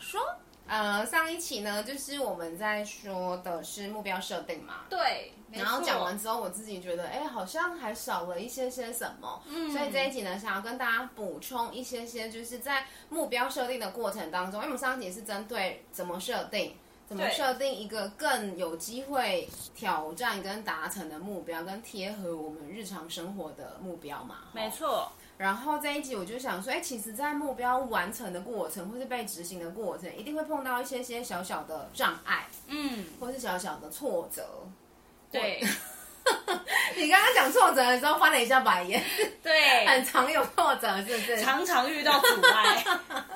說，呃，上一期呢，就是我們在說的是目標設定嘛，對，然後講完之後，我自己覺得，哎，好像還少了一些些什麼，嗯，所以這一集呢，想要跟大家補充一些些，就是在目標設定的過程當中，因為我們上一集是針對怎麼設定，怎麼設定一個更有機會挑戰跟達成的目標，跟貼合我們日常生活的目標嘛，哦，沒錯。然後這一集，我就想說，哎，其實，在目標完成的過程或是被執行的過程，一定會碰到一些些小小的障礙，嗯，或是小小的挫折。對，我 你剛剛講挫折的時候，翻了一下白眼。對，很常有挫折，是不是？常常遇到阻礙。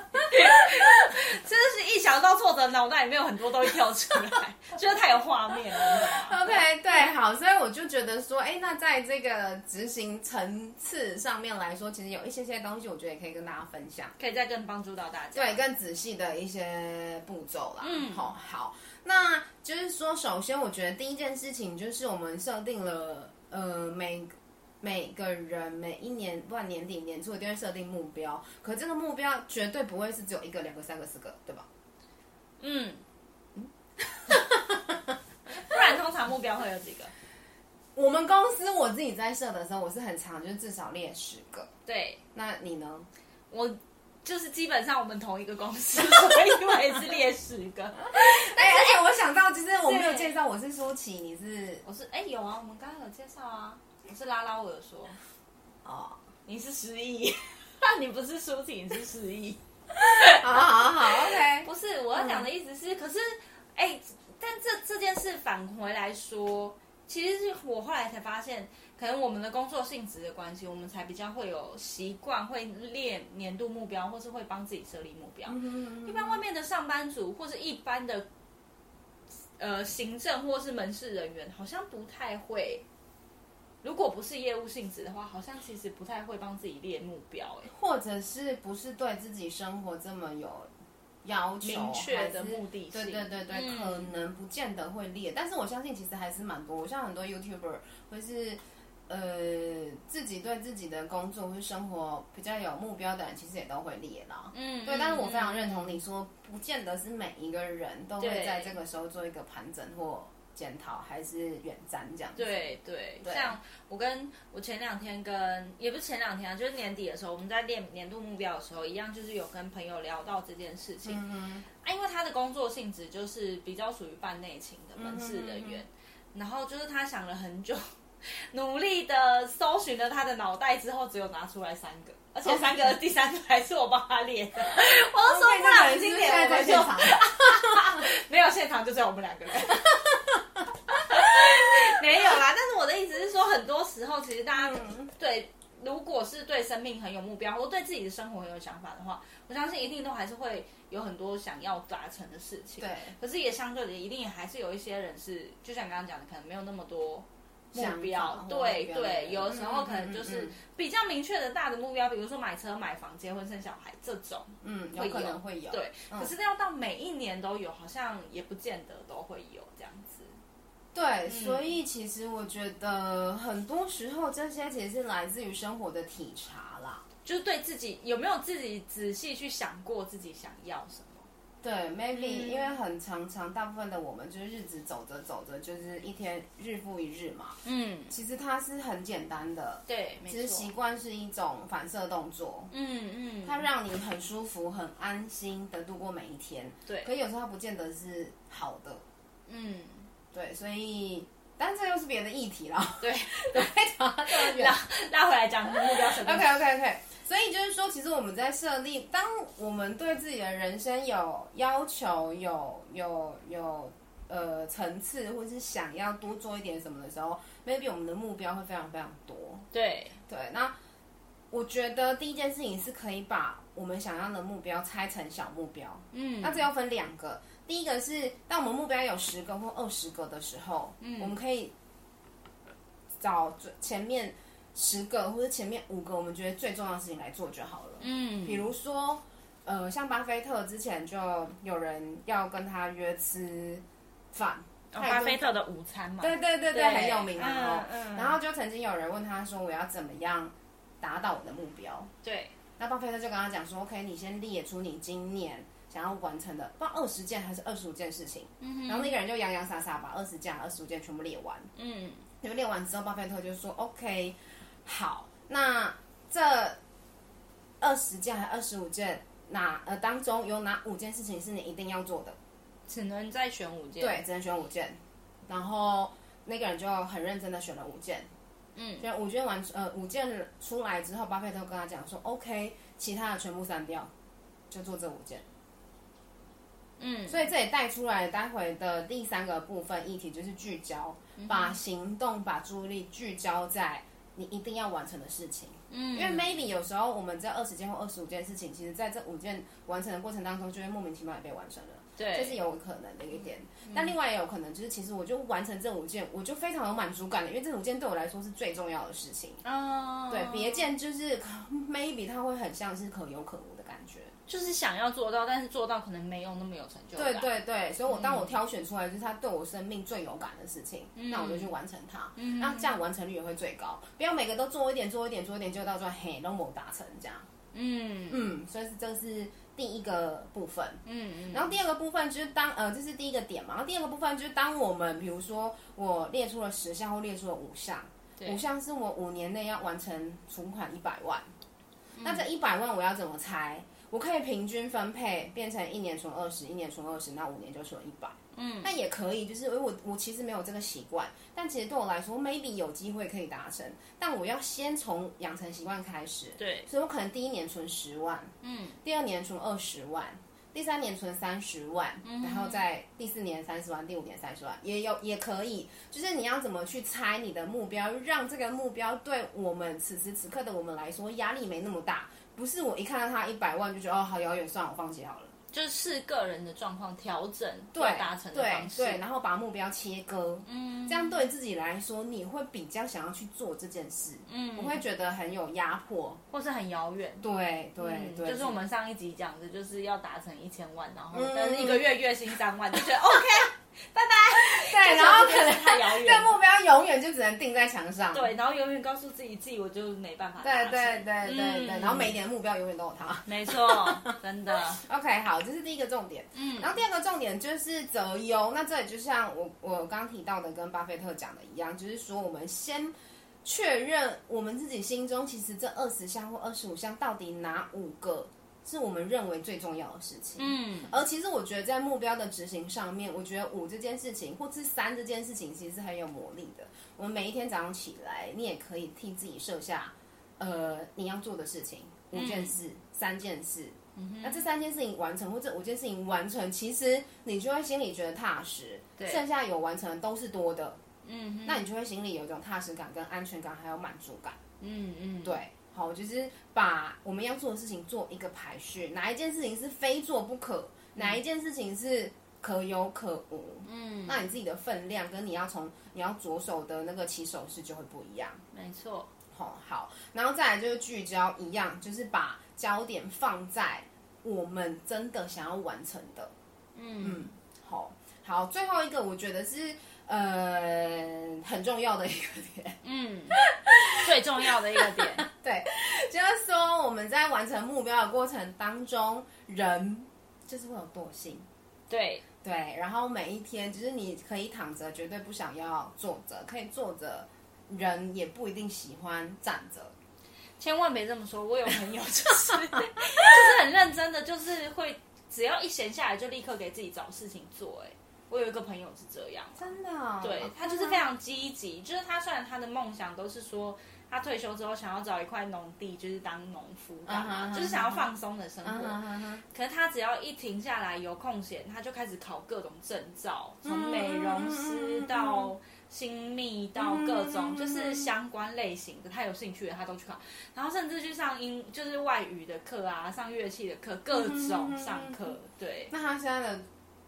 真的 是一想到錯的，腦袋裡面有很多東西跳出來，覺得 太有畫面了，OK，對，好，所以我就覺得說，哎，那在這個執行層次上面來說，其實有一些些東西，我覺得也可以跟大家分享，可以再更幫助到大家，對，更仔細的一些步驟啦。嗯，好好，那就是說，首先，我覺得第一件事情就是我們設定了，呃，每。每個人每一年，不管年底年初，一定會設定目標。可這個目標絕對不會是只有一個、兩個、三個、四個，對吧？嗯，嗯 不然通常目標會有幾個？ 我們公司我自己在設的時候，我是很常，就是至少列十個。對，那你呢？我就是基本上我們同一個公司， 所以我也是列十個。哎 對、欸，而且我想到，就是我沒有介紹，對我是舒淇，你是我是哎、欸、有啊，我們剛剛有介紹啊。是拉拉，我有說哦、oh. 你是失憶，那你不是抒情，是失憶。好，好，好，OK。不是，嗯、我要講的意思是，可是，哎、欸，但這這件事返回來說，其實是我後來才發現，可能我們的工作性質的關係，我們才比較會有習慣會列年度目標，或是會幫自己設立目標。Mm hmm. 一般外面的上班族，或是一般的呃行政或是門市人員，好像不太會。如果不是業務性質的話，好像其實不太會幫自己列目標、欸，或者是不是對自己生活這麼有要求明確的目的性？對對對對，嗯、可能不見得會列，但是我相信其實還是蠻多，我像很多 YouTuber 或是呃自己對自己的工作或生活比較有目標的人，其實也都會列啦嗯，嗯，嗯，對，但是我非常認同你說，不見得是每一個人都會在這個時候做一個盤整或。檢討還是遠瞻這樣子對？對對，像我跟我前兩天跟也不是前兩天啊，就是年底的時候，我們在列年度目標的時候，一樣就是有跟朋友聊到這件事情。嗯、啊、因為他的工作性質就是比較屬於半內勤的門市、嗯、人員，嗯、然後就是他想了很久，努力的搜尋了他的腦袋之後，只有拿出來三個，而且三個、嗯、第三個還是我幫他列的。嗯、我都說：“你那麼神經點， 沒有現場，就只有我們兩個人。” 沒有啦，但是我的意思是說，很多時候其實大家對，嗯、如果是對生命很有目標，或對自己的生活很有想法的話，我相信一定都還是會有很多想要達成的事情。對，可是也相對的，一定還是有一些人是，就像剛剛講的，可能沒有那麼多目標。法對對，對，有的時候可能就是比較明確的大的目標，嗯嗯嗯、比如說買車、買房、結婚、生小孩這種會，嗯，有可能會有。對，嗯、可是要到每一年都有，好像也不見得都會有這樣子。對，所以其實我覺得很多時候這些其實是來自於生活的體察啦，就是對自己有沒有自己仔細去想過自己想要什麼？對，maybe、嗯、因為很常常大部分的我們就是日子走着走着就是一天日復一日嘛。嗯，其實它是很簡單的，對，其實習慣是一種反射動作。嗯嗯，嗯，它讓你很舒服、很安心的度過每一天。對，可有時候它不見得是好的。嗯。對，所以，但這又是別的議題了。對對，拉拉回來講 目標設定。OK OK OK，所以就是說，其實我們在設立，當我們對自己的人生有要求、有有有呃層次，或是想要多做一點什麼的時候，maybe 我們的目標會非常非常多。對對，那我覺得第一件事情是可以把我們想要的目標拆成小目標。嗯，那這要分兩個。第一個是，當我們目標有十個或二十個的時候，嗯，我們可以找最前面十個或者前面五個，我們覺得最重要的事情來做就好了。嗯，比如說，呃，像巴菲特之前就有人要跟他約吃飯，哦，太多，巴菲特的午餐嘛，對對對對，對，很有名，然後，嗯嗯，然後就曾經有人問他說：“我要怎麼樣達到我的目標？”對。那巴菲特就跟他講說：“OK，你先列出你今年。”想要完成的，不知道二十件還是二十五件事情。嗯哼。然後那個人就洋洋灑灑把二十件、二十五件全部列完。嗯。就列完之後，巴菲特就說，嗯，“OK，好，那這二十件還是二十五件，哪呃當中有哪五件事情是你一定要做的？只能再選五件。對，只能選五件。然後那個人就很認真的選了五件。嗯。就五件完呃五件出來之後，巴菲特跟他講說：“OK，其他的全部刪掉，就做這五件。”嗯，所以這也帶出來待會的第三個部分議題就是聚焦，嗯、哼把行動、把注意力聚焦在你一定要完成的事情。嗯，因為 maybe 有時候我們這二十件或二十五件事情，其實在這五件完成的過程當中，就會莫名其妙也被完成了。對，這是有可能的一點。嗯、但另外也有可能，就是其實我就完成這五件，我就非常有滿足感了，因為這五件對我來說是最重要的事情。哦，對，別件就是 maybe 它會很像是可有可無的。就是想要做到，但是做到可能沒有那麼有成就感。對對對，所以，我當我挑選出來、嗯、就是他對我生命最有感的事情，嗯、那我就去完成它。嗯嗯，那這樣完成率也會最高，不要每個都做一點，做一點，做一點，就到這嘿都沒達成這樣。嗯嗯，所以這是第一個部分。嗯，嗯然後第二個部分就是當呃這是第一個點嘛，然後第二個部分就是當我們比如說我列出了十項或列出了五項，對五項是我五年內要完成存款一百萬，嗯、那這一百萬我要怎麼拆？我可以平均分配，變成一年存二十，一年存二十，那五年就存一百，嗯，那也可以。就是我我，我其實沒有這個習慣，但其實對我來說，maybe 有機會可以達成。但我要先從養成習慣開始，對。所以我可能第一年存十萬，嗯，第二年存二十萬，第三年存三十萬，嗯哼，然後在第四年三十萬，第五年三十萬，也有也可以。就是你要怎麼去拆你的目標，讓這個目標對我們此時此刻的我們來說壓力沒那麼大。不是我一看到他，一百萬就覺得哦，好遙遠，算了，我放棄好了。就是個人的狀況調整，對，達成的方式對，對，然後把目標切割，嗯，這樣對自己來說，你會比較想要去做這件事，嗯，不會覺得很有壓迫，或是很遙遠。對對、嗯、對，就是我們上一集講的，就是要達成一千萬，然後一個月月薪三萬、嗯、就覺得 OK。 拜拜。Bye bye 對，是是，然後可能他永遠，這目標永遠就只能釘在牆上。對，然後永遠告訴自己，自己我就沒辦法。對對對對對，嗯、然後每一年的目標永遠都有他。 沒錯，真的。OK，好，這是第一個重點。嗯，然後第二個重點就是擇優。那這裡就像我我剛，剛提到的，跟巴菲特講的一樣，就是說我們先確認我們自己心中其實這二十項或二十五項到底哪五個。是我們認為最重要的事情。嗯，而其實我覺得在目標的執行上面，我覺得五這件事情，或是三這件事情，其實是很有魔力的。我們每一天早上起來，你也可以替自己設下，呃，你要做的事情五件事、嗯、三件事。嗯哼，那這三件事情完成，或者五件事情完成，其實你就會心裡覺得踏實。對，剩下有完成的都是多的。嗯哼，那你就會心裡有一種踏實感、跟安全感，還有滿足感。嗯嗯，對。好，就是把我們要做的事情做一個排序，哪一件事情是非做不可，嗯、哪一件事情是可有可無。嗯，那你自己的分量跟你要從你要着手的那個起手式就會不一樣。沒錯，好，好，然後再來就是聚焦，一樣就是把焦點放在我們真的想要完成的。嗯嗯，好好，最後一個我覺得是呃很重要的一個點，嗯， 最重要的一個點。對，就是說我們在完成目標的過程當中，人就是會有惰性。對對，然後每一天，其實你可以躺着，絕對不想要坐着；可以坐着，人也不一定喜歡站着。千萬別這麼說，我有朋友就是 就是很認真的，就是會只要一閒下來就立刻給自己找事情做、欸。哎，我有一個朋友是這樣，真的、哦，對，他就是非常積極。啊、就是他雖然他的夢想都是說。他退休之後，想要找一塊農地，就是當農夫幹嘛、uh huh, 就是想要放鬆的生活。可是他只要一停下來有空閒，他就開始考各種證照，從美容師到新密到各種，就是相關類型的他有興趣的他都去考，然後甚至去上英就是外語的課啊，上樂器的課，各種上課。對。那他現在的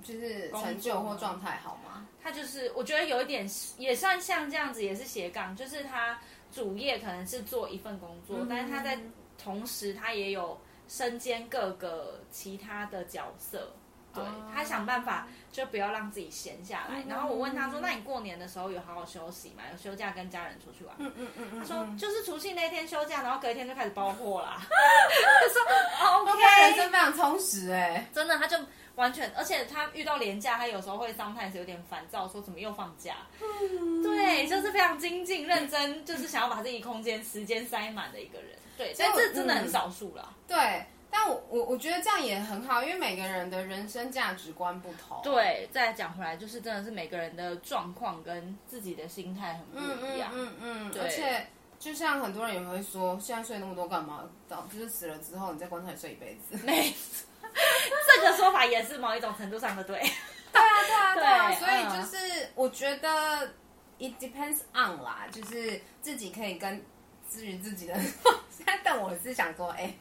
就是成就或狀態好嗎？他就是我覺得有一點也算像這樣子，也是斜槓，就是他。主業可能是做一份工作，但是他在同時，他也有身兼各個其他的角色。對，他想辦法就不要讓自己閒下來。然後我問他說：“那你過年的時候有好好休息嗎？有休假跟家人出去玩嗎？”嗯嗯嗯，他說：“就是除夕那天休假，然後隔一天就開始包貨了。”說 OK，人生非常充實哎，真的，他就完全，而且他遇到連假，他有時候會狀態是有點煩躁，說怎麼又放假？對，就是非常精進、認真，就是想要把自己空間、時間塞滿的一個人。對，所以這真的很少數了。對。但我我我覺得這樣也很好，因為每個人的人生價值觀不同。對，再講回來，就是真的是每個人的狀況跟自己的心態很不一樣。嗯嗯，嗯嗯嗯對而且就像很多人也會說，現在睡那麼多幹嘛？早就是死了之後，你在棺材裡睡一輩子。沒錯，這個說法也是某一種程度上的對， 對、啊。對啊，對啊，對啊。對所以就是我覺得、嗯、，it depends on 啦，就是自己可以跟至於自己的。 但我是想說，哎、欸，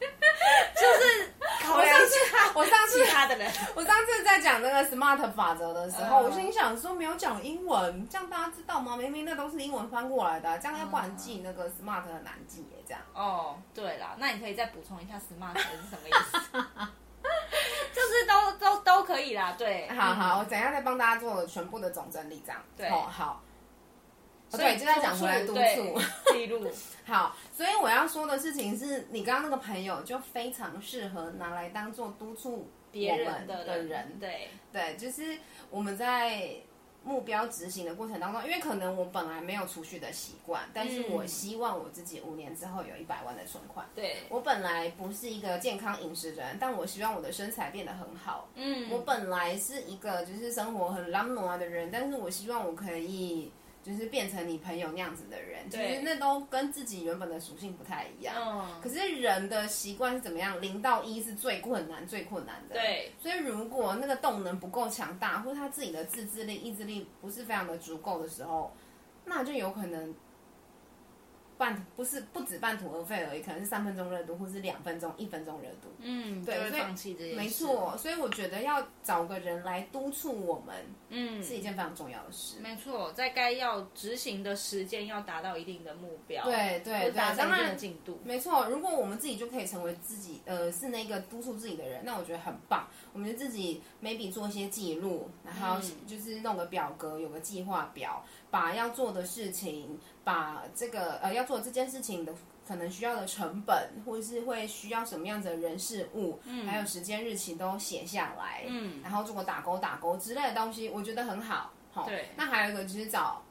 就是考量一下。我上次 其他的人， 我上次在講那個 SMART 法則的時候，嗯、我心想說沒有講英文，這樣大家知道嗎？明明那都是英文翻過來的，這樣要不然記那個 SMART 很難記耶，這樣。哦，對啦，那你可以再補充一下 SMART 是什麼意思？ 就是都都都可以啦，對。好好，嗯、我等一下再幫大家做了全部的總整理，這樣。對、哦，好。對，就在講出來督促記錄。好，所以我要說的事情是，你剛剛那個朋友就非常適合拿來當做督促別人的人。對對，就是我們在目標執行的過程當中，因為可能我本來沒有儲蓄的習慣，但是我希望我自己五年之後有一百萬的存款。嗯、對我本來不是一個健康飲食人，但我希望我的身材變得很好。嗯，我本來是一個就是生活很浪漫的人，但是我希望我可以。就是變成你朋友那樣子的人，其實對那都跟自己原本的屬性不太一樣。嗯，可是人的習慣是怎麼樣？零到一是最困難、最困難的。對，所以如果那個動能不夠強大，或者他自己的自制力、意志力不是非常的足夠的時候，那就有可能。半不是不止半途而廢而已，可能是三分鐘熱度，或是兩分鐘、一分鐘熱度。嗯，對，放棄自己，所以沒錯，所以我覺得要找個人來督促我們，嗯，是一件非常重要的事。沒錯，在該要執行的時間要達到一定的目標，對對對，達到一定的進度。沒錯，如果我們自己就可以成為自己，呃，是那個督促自己的人，那我覺得很棒。我們就自己 maybe 做一些記錄，然後就是弄個表格，有個計劃表。嗯把要做的事情，把這個呃要做這件事情的可能需要的成本，或者是會需要什麼樣的人事物，嗯，還有時間日期都寫下來，嗯，然後做個打勾打勾之類的東西，我覺得很好，好，對。那還有一個就是找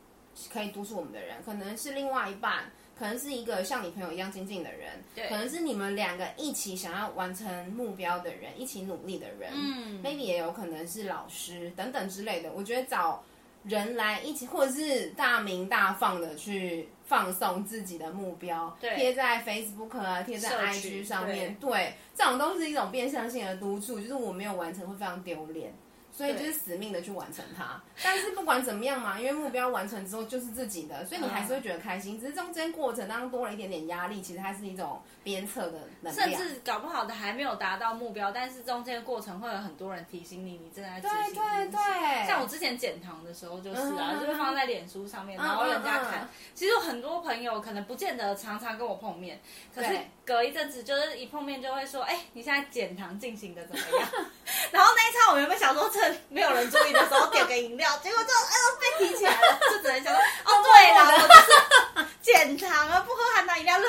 可以督促我們的人，可能是另外一半，可能是一個像你朋友一樣精進的人，對，可能是你們兩個一起想要完成目標的人，一起努力的人，嗯，maybe 也有可能是老師等等之類的，我覺得找。人來一起，或者是大鳴大放的去放送自己的目標，對，貼在 Facebook 啊，貼在 IG 上面，對，對，這種都是一種變相性的督促，就是我沒有完成會非常丟臉，所以就是死命的去完成它。對但是不管怎麼樣嘛，因為目標完成之後就是自己的，所以你還是會覺得開心，嗯、只是中間過程當中多了一點點壓力，其實它是一種。鞭策的能量，甚至搞不好的還沒有達到目標，但是中間的過程會有很多人提醒你，你正在對對對。像我之前減糖的時候就是啊，就是放在臉書上面，然後人家看。其實很多朋友可能不見得常常跟我碰面，可是隔一陣子就是一碰面就會說，哎，你現在減糖進行的怎麼樣？然後那一餐我原本想說趁沒有人注意的時候點個飲料，結果這種哎呦被提起來了，就只能想說，哦對了，我是減糖啊，不喝含糖飲料。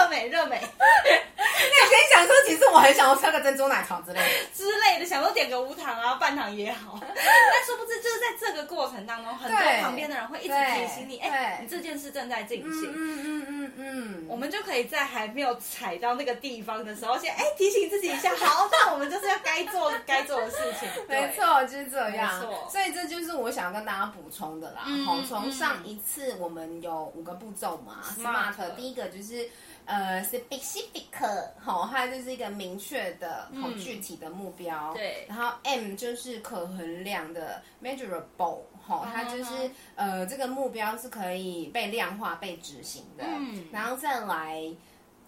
我很想要吃個珍珠奶茶之類的之類的，想說點個無糖啊，半糖也好。但殊不知，就是在這個過程當中，很多旁邊的人會一直提醒你，哎，你這件事正在進行。嗯嗯嗯，我們就可以在還沒有踩到那個地方的時候，先哎提醒自己一下，好，那我們就是要該做該做的事情。沒錯，就是這樣。所以這就是我想跟大家補充的啦。好，從上一次我們有五個步驟嘛，Smart，第一個就是。呃、uh，specific 好、哦，它就是一個明確的、好、嗯、具體的目標。對，然後 M 就是可衡量的 （measurable） 哈、哦，uh huh。它就是呃，這個目標是可以被量化、被執行的。嗯，然後再來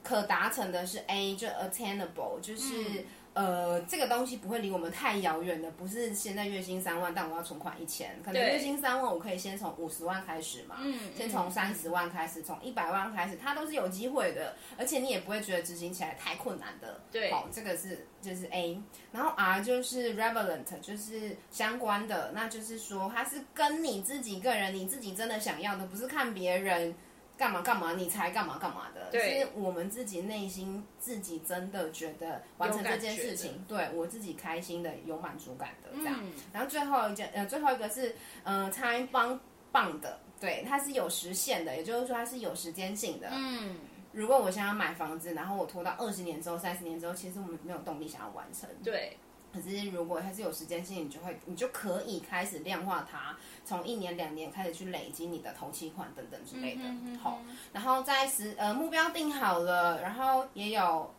可達成的是 A，就 attainable，就是。嗯。呃，這個東西不會離我們太遙遠的，不是現在月薪三萬，但我要存款一千，可能月薪三萬，我可以先從五十萬開始嘛，嗯，先從三十萬開始，嗯，從一百萬開始，它都是有機會的，而且你也不會覺得執行起來太困難的。對，好，這個是就是 A，然後 R 就是 relevant，就是相關的，那就是說它是跟你自己個人，你自己真的想要的，不是看別人。幹嘛幹嘛，你才幹嘛幹嘛的？就是對我們自己內心自己真的覺得完成這件事情，對我自己開心的、有滿足感的這樣。嗯、然後最後一件，呃，最後一個是，嗯、呃、，time bound bound 的，對，它是有時限的，也就是說它是有時間性的。嗯，如果我想要買房子，然後我拖到二十年之後、三十年之後，其實我們沒有動力想要完成。對。可是，如果還是有時間性，你就會，你就可以開始量化它，從一年、兩年開始去累積你的頭期款等等之類的。嗯、哼哼好，然後在時呃目標定好了，然後也有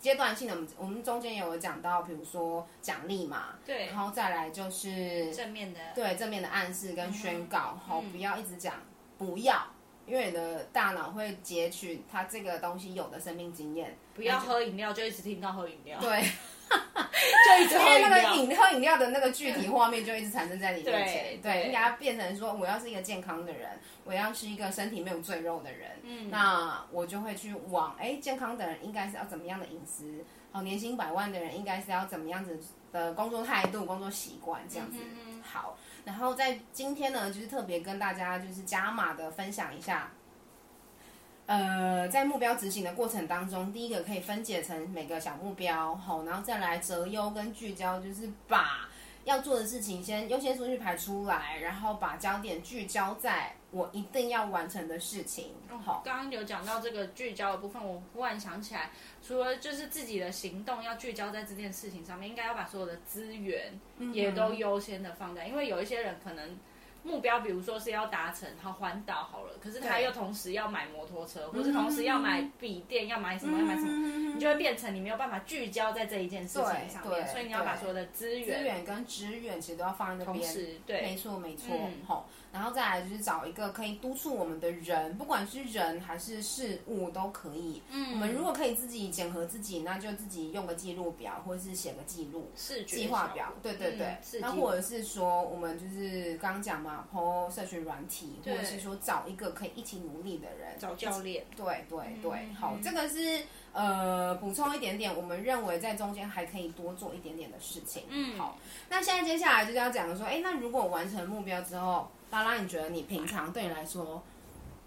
階段性的，我們中間也有講到，比如說獎勵嘛。對。然後再來就是、嗯、正面的，對正面的暗示跟宣告，嗯、哼好，嗯、不要一直講不要，因為你的大腦會截取它這個東西有的生命經驗。不要喝飲料，就一直聽到喝飲料。對。就一直面那個飲料飲 料的那個具體畫面，就一直產生在你面前。對，你給他對變成說，我要是一個健康的人，我要是一個身體沒有贅肉的人，嗯，那我就會去往哎、欸，健康的人應該是要怎麼樣的飲食？好，年薪百萬的人應該是要怎麼樣子的工作態度、工作習慣這樣子。嗯嗯好，然後在今天呢，就是特別跟大家就是加碼的分享一下。呃，在目標執行的過程當中，第一個可以分解成每個小目標，好，然後再來擇優跟聚焦，就是把要做的事情先優先順序排出來，然後把焦點聚焦在我一定要完成的事情。好，剛剛，嗯，有講到這個聚焦的部分，我忽然想起來，除了就是自己的行動要聚焦在這件事情上面，應該要把所有的資源也都優先的放在，嗯嗯，因為有一些人可能。目標，比如說是要達成，好環島好了，可是他又同時要買摩托車，或是同時要買筆電，要買什麼，要買什麼，你就會變成你沒有辦法聚焦在這一件事情上面，所以你要把所有的資源、資源跟資源其實都要放在那邊，對，沒錯沒錯，吼，然後再來就是找一個可以督促我們的人，不管是人還是事物都可以。嗯，我們如果可以自己檢核自己，那就自己用個記錄表，或者是寫個記錄，是，計劃表，對對對，那或者是說我們就是剛講嘛。啊，社群軟體，或者是說找一個可以一起努力的人，對找教練。對對對，嗯、好，嗯、這個是呃補充一點點，我們認為在中間還可以多做一點點的事情。嗯，好，那現在接下來就是要講說，哎、欸，那如果我完成目標之後，拉拉，你覺得你平常對你來說，嗯、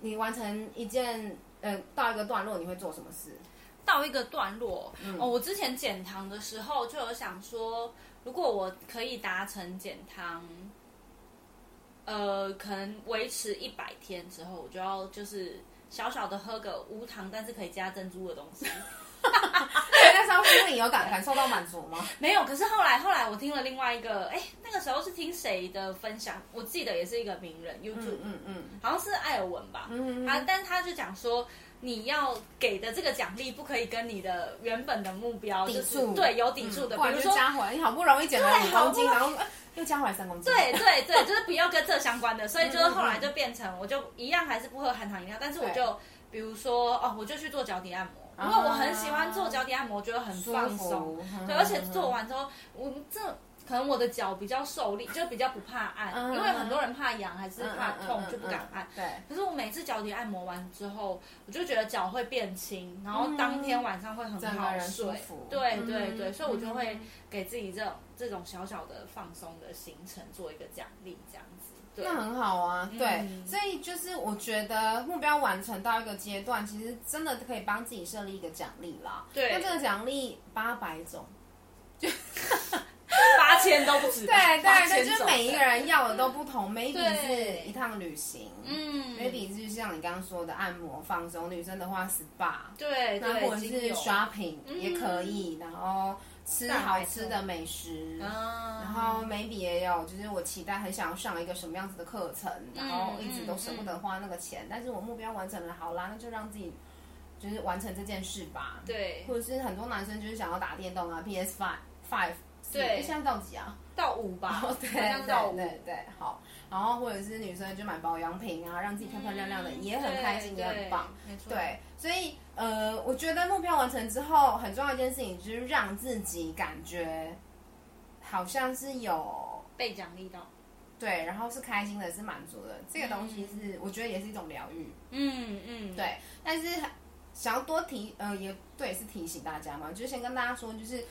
你完成一件，呃，到一個段落，你會做什麼事？到一個段落，嗯、哦，我之前減糖的時候就有想說，如果我可以達成減糖。呃，可能維持一百天之後，我就要就是小小的喝個無糖，但是可以加珍珠的東西。那個時候心裡有感感 受到滿足嗎？沒有。可是後來後來我聽了另外一個，哎、欸，那個時候是聽誰的分享？我記得也是一個名人，YouTube，嗯嗯，嗯嗯好像是艾爾文吧。嗯嗯啊，但是他就講說，你要給的這個獎勵不可以跟你的原本的目標抵觸，就是，對，有抵觸的。嗯、比如說、哎，你好不容易減了五公斤，然後。又加回來三公斤。對對對，就是不要跟這相關的，所以就是後來就變成，我就一樣還是不喝含糖飲料，但是我就比如說哦，我就去做腳底按摩，因為我很喜歡做腳底按摩，我覺得很放鬆，對，而且做完之後，我這可能我的腳比較受力，就比較不怕按，因為很多人怕癢還是怕痛就不敢按，對。可是我每次腳底按摩完之後，我就覺得腳會變輕，然後當天晚上會很好睡，對對對，所以我就會給自己這。這種小小的放鬆的行程做一個獎勵，這樣子，那很好啊。對，所以就是我覺得目標完成到一個階段，其實真的可以幫自己設立一個獎勵啦。對，那這個獎勵八百種，就八千都不止。對對對，就是每一個人要的都不同。Maybe 是一趟旅行，嗯，Maybe 就像你剛剛說的按摩放鬆。女生的話 SPA，對，那或者是 shopping 也可以，然後。吃好吃的美食，然後沒別也有，就是我期待很想要上一個什麼樣子的課程，嗯、然後一直都捨不得花那個錢，嗯、但是我目標完成了，好啦，那就讓自己就是完成這件事吧。對，或者是很多男生就是想要打電動啊，PS Five Five，對，現在到幾啊？到五吧，Oh，對對對對，對，對，好。然後或者是女生就買保養品啊，讓自己漂漂亮，亮亮的，嗯、也很開心，對也很棒。對，沒錯對，所以呃，我覺得目標完成之後，很重要一件事情就是讓自己感覺好像是有被獎勵到，對，然後是開心的，是滿足的。這個東西是、嗯、我覺得也是一種療癒、嗯。嗯嗯，對。但是想要多提，呃，也對，是提醒大家嘛，就先跟大家說，就是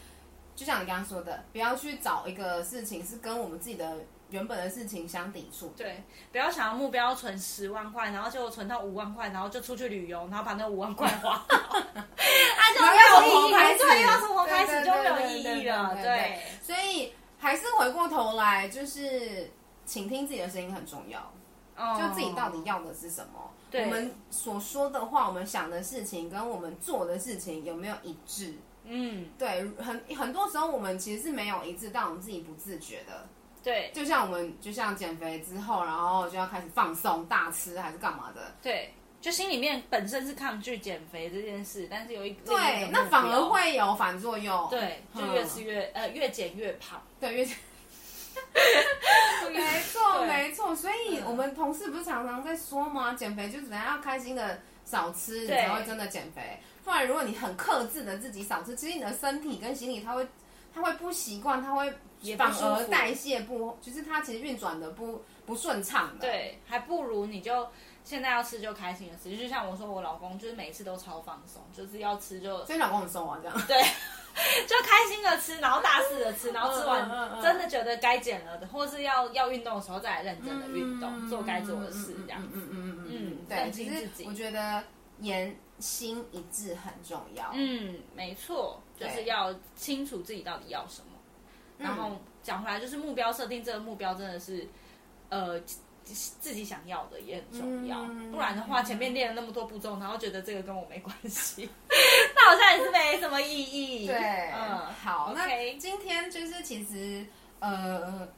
就像你剛剛說的，不要去找一個事情是跟我們自己的。原本的事情相抵觸，對，不要想要目標要存十萬塊，然後就存到五萬塊，然後就出去旅遊，然後把那五萬塊花， 按照沒有意義，要從頭開始就有意義了，對。所以還是回過頭來，就是傾聽自己的聲音很重要，嗯、就自己到底要的是什麼，對我們所說的話，我們想的事情跟我們做的事情有沒有一致？嗯，對，很很多時候我們其實是沒有一致，但我們自己不自覺的。對，就像我們就像減肥之後，然後就要開始放鬆、大吃還是幹嘛的？對，就心裡面本身是抗拒減肥這件事，但是有一對，一那反而會有反作用，對，就越吃越、嗯、呃，越減越胖，對，越減。沒錯，沒錯，所以我們同事不是常常在說嗎？減、嗯、肥就只要要開心的少吃，對你才會真的減肥。不然，如果你很克制的自己少吃，其實你的身體跟心理，他會他會不習慣，他會。反而代，代謝不，就是它其實運轉的不不順暢的。對，還不如你就現在要吃就開心的吃。就像我說，我老公就是每一次都超放鬆，就是要吃就。所以老公很鬆啊，這樣。對，就開心的吃，然後大肆的吃， 然後吃完真的覺得該減了的，或是要要運動的時候再來認真的運動，嗯、做該做的事、嗯、這樣子。嗯嗯嗯嗯，嗯嗯對。其實我覺得言心一致很重要。嗯，沒錯，就是要清楚自己到底要什麼。然後講回來，就是目標設定這個目標真的是，呃，自己想要的也很重要，不然的話，前面練了那麼多步驟，然後覺得這個跟我沒關係，那、嗯、 好像也是沒什麼意義。對，嗯，好，okay, 那今天就是其實呃，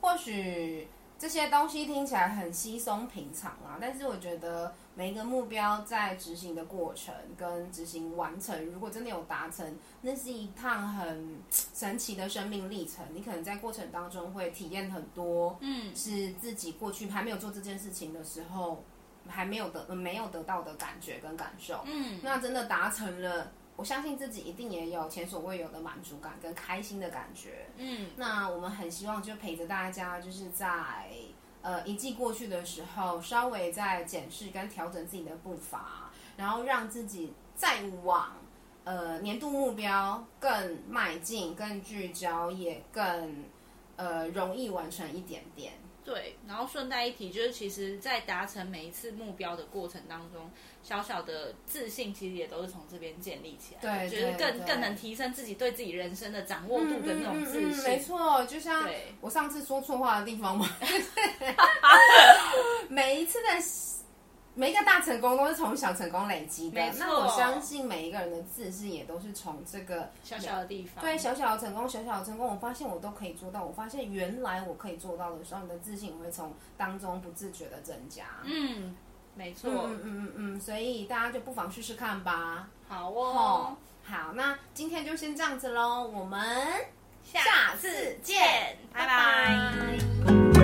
或許。這些東西聽起來很稀鬆平常啦，啊，但是我覺得每一個目標在執行的過程跟執行完成，如果真的有達成，那是一趟很神奇的生命歷程。你可能在過程當中會體驗很多，嗯，是自己過去還沒有做這件事情的時候，還沒有得，嗯、沒有得到的感覺跟感受，嗯，那真的達成了。我相信自己一定也有前所未有的滿足感跟開心的感覺。嗯，那我們很希望就陪着大家，就是在呃一季過去的時候，稍微再檢視跟調整自己的步伐，然後讓自己再往呃年度目標更邁進、更聚焦，也更呃容易完成一點點。對，然後順帶一提，就是其實，在達成每一次目標的過程當中，小小的自信其實也都是從這邊建立起來，對，覺得更更能提升自己對自己人生的掌握度跟那種自信、嗯嗯嗯嗯。沒錯，就像我上次說錯話的地方嘛，對 每一次的。每一個大成功都是從小成功累積的。哦、那我相信每一個人的自信也都是從這個小小的地方，對小小的成功、小小的成功，我發現我都可以做到。我發現原來我可以做到的時候，你的自信會從當中不自覺的增加。嗯，沒錯、嗯，嗯嗯嗯，所以大家就不妨試試看吧。好哦，好，那今天就先這樣子嘍，我們下次見，下次見拜拜。拜拜